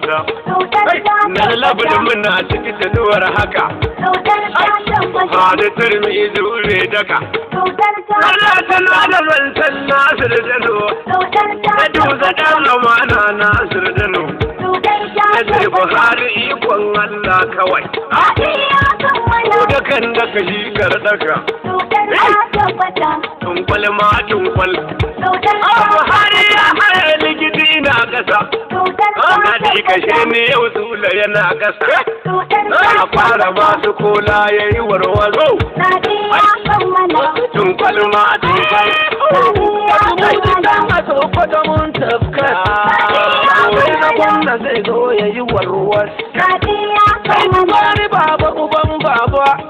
maza na labulin muna ciki taduwar haka halittar mai zure daka Allah tana da mantan nasiru dano da duza dan amana nasiru dano da ce buhari ikon Allah kawai da kan da ka shigar daka tunkwal ma tunkwal Buhari ya haya ga kasa na ji kashe ne yau zula yana kasa na fara masu kola ya yi warwazo tun kwalma tun kai masu zai zo ya yi warwas kai baba uban baba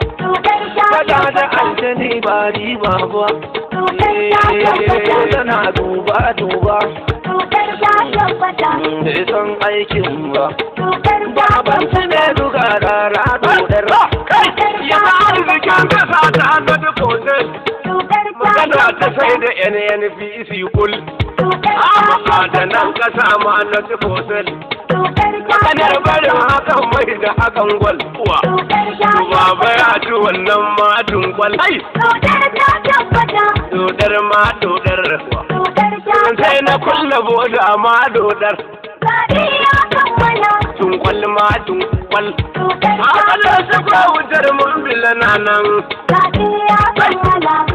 kada da aljani ba riba eh, tana duba duba Cutar ta aikin ba. Cutar ta su ne duka rara dodar. Yana arzikin kasa ta hannun kotun. Magana ta sai da NNPC kul. Amma adanan kasa ma na kotun. Maganar barin hakan mai da hakan gwal kuwa. Baba ya ci wannan ma dunkwal. ta Dodar ma dodar kuwa. sai na kulle boda ma dodar tun kwal ma tun kwal haka su ka wutar mun bila na nan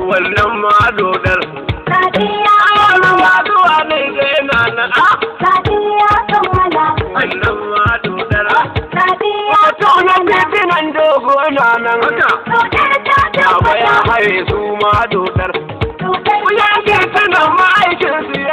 wannan ma dodar wani ma zuwa ne zai na nan ah, wannan ma dodar ah, wato nan bibi nan ta ta nan Baba ya haye su ma dodar.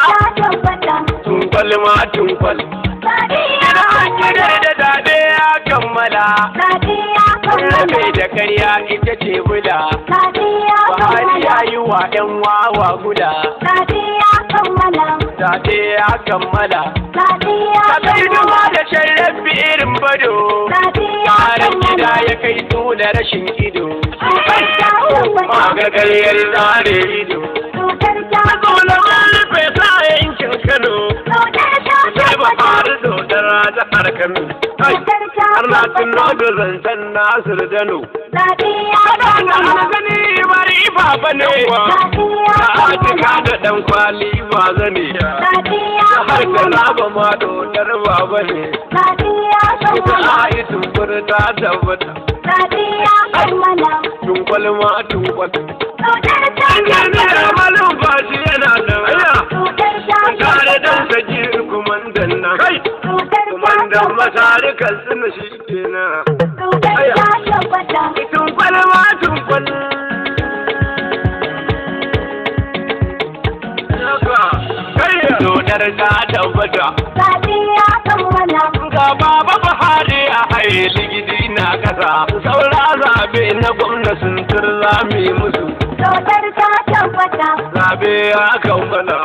Tunkwal ma tunkwal. Sadiya da zaɓe ya kammala rabe da karya ita ce bula bahari ya yi wa yan wawa gula zaɓe ya kammala zaɓe duba da sharrafi irin bado tsarin gida ya kai tuna rashin ido magagaryar zare ido Kano. Har na tun nodin rancen Nasir Dano. Kaɗan gani bari baba ne wa. Sa'adika da ɗan kwali ba zane. Har ka raba ma dodar baba ne. Ita ayi tumbur ta tabbata. Tunkwal ma tunkwal. Tunkwal ma tunkwal. Tunkwal da masarikan na shi kenan. Tun ta tabbata. Sadi ya kammala. Ga baba Buhari a haye na kasa. Saura zabe na gwamna mai musu. ta ya kammala.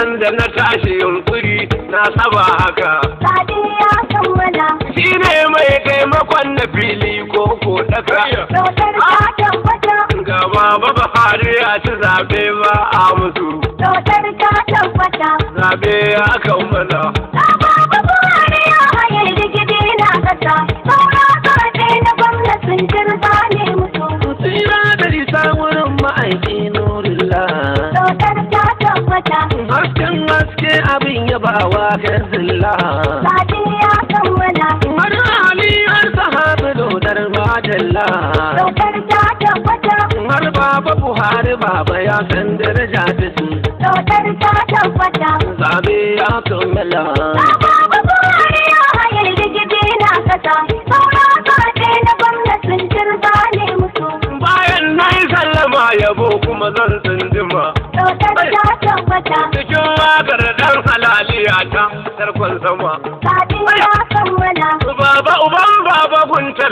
nan da na tashi yunkuri na saba haka sadi ya kammala shi ne mai taimakon na fili ko ko daka ga baba Buhari ya ci zaɓe ba a mutu gaske abin ya ba wa kanzilla Sadi ya kammala Wani hali har sahabi dodar madalla Daukar ta tabbata Har baba Buhari baba ya san daraja bisu Daukar ta tabbata Zabe ya kammala Baba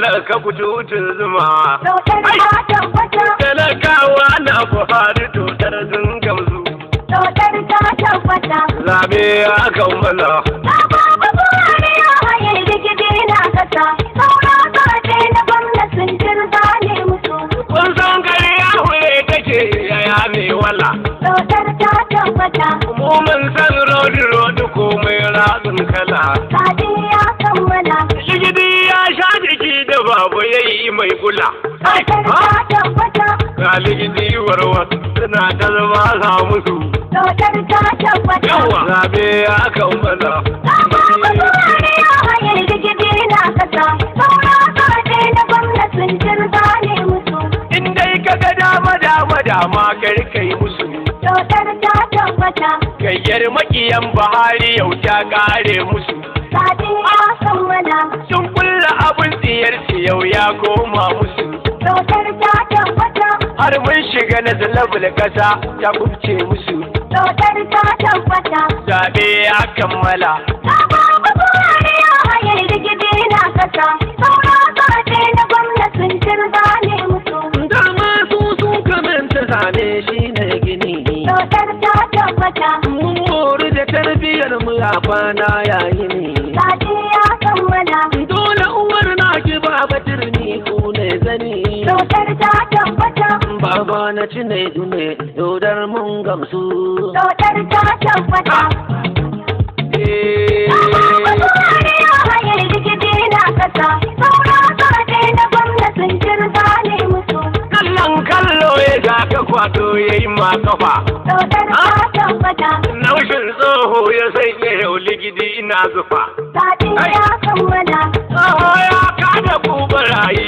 talaka ku tutun zuma. Talakawa na Buhari tutar sun gamsu. Tutar ta tabbata. Zabe ya kammala. Baba Buhari ya haye digidi na kasa. Saura kaje na gwamnatin jirba ne mutu. Kun san gari ya hure take yaya mai wala. Tutar ta tabbata. mun san rodi kula. Galibin jiwar wasu suna dalma za musu. Lokar ta tabbata. Yawa. Zabe ya kan mana. Zaba ba zuwa ne ya hayar digidi na kasa. Saura kaje na gwamnatin jin zane musu. In dai ka ga dama dama dama kar kai musu. Lokar ta tabbata. Gayyar makiyan Buhari yau ta kare musu. Sadin ya kammala. Sun wani abin tsiyarci yau ya koma musu dokar ta wata. har mun shiga na zalabul kasa ta kubce musu dokar ta wata. zaɓe ya kammala Dama su sun kamanta zane shi ne gini. ta Mun hori da tarbiyyar mu a kwana yayi ne. Dodar ta tabbata. Baba na ci ne dume, dodar mun gamsu. Dodar ta tabbata. Kwato ya yi ma kafa. Dodar ta tabbata. Naushin tsoho ya sai ne ligidi ina zufa. Sati ya kammala. Tsoho ya kada kubarayi.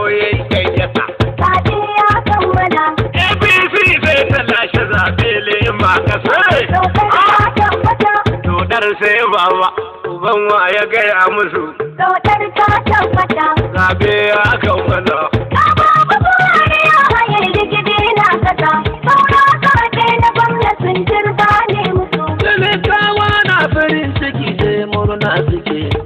nan sai baba uban wa ya gaya musu Sautar ta tabbata Zabe ya kan na da ne musu na farin ciki sai murna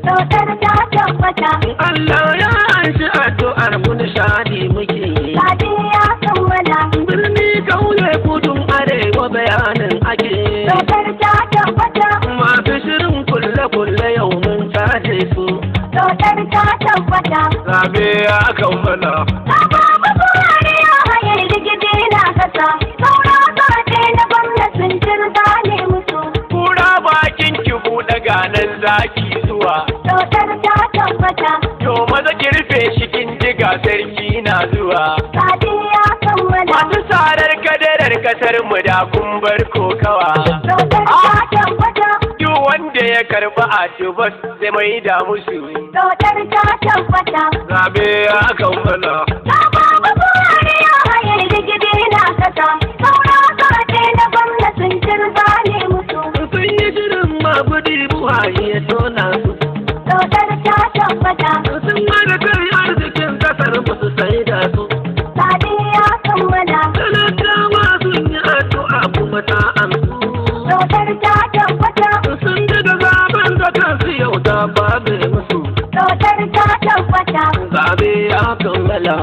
Sautar ta Allah ya anshi addu'ar mu nishadi muke Zabe ya kammala Birni kauye kudun arewa bayanin ake dokar ta Ma masu shirin kulle-kulle yau mun tace su dokar ta tabbata zabe ya kammala ta ba mu buhari ya hayar digidi na kasa saura kace na gwamnatin jirga ne musu kura bakin ki buɗe ganin zaki zuwa dokar ta tabbata to maza kirfe shi kin jiga sarki na zuwa kasar mu da kun bar kokawa duk wanda ya karba a tubas zai mai da musu dodar ta tabbata zabe ya kammala ba ba buhari ya hayar gidi na kasa saura kaje na gwamnatin turba ne musu sun yi ma mabudi buhari ya tona su dodar ta tabbata Sabe akangala.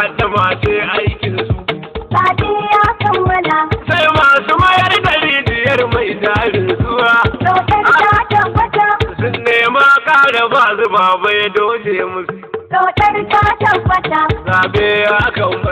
haddama ce aikin su. Sati ya kammala. Sai masu mayar da rijiyar mai tarin zuwa. Dokar ta tabbata. Sun nema ƙara ba zuba bai doje musu. Dokar ta tabbata. Zabe ya kammala.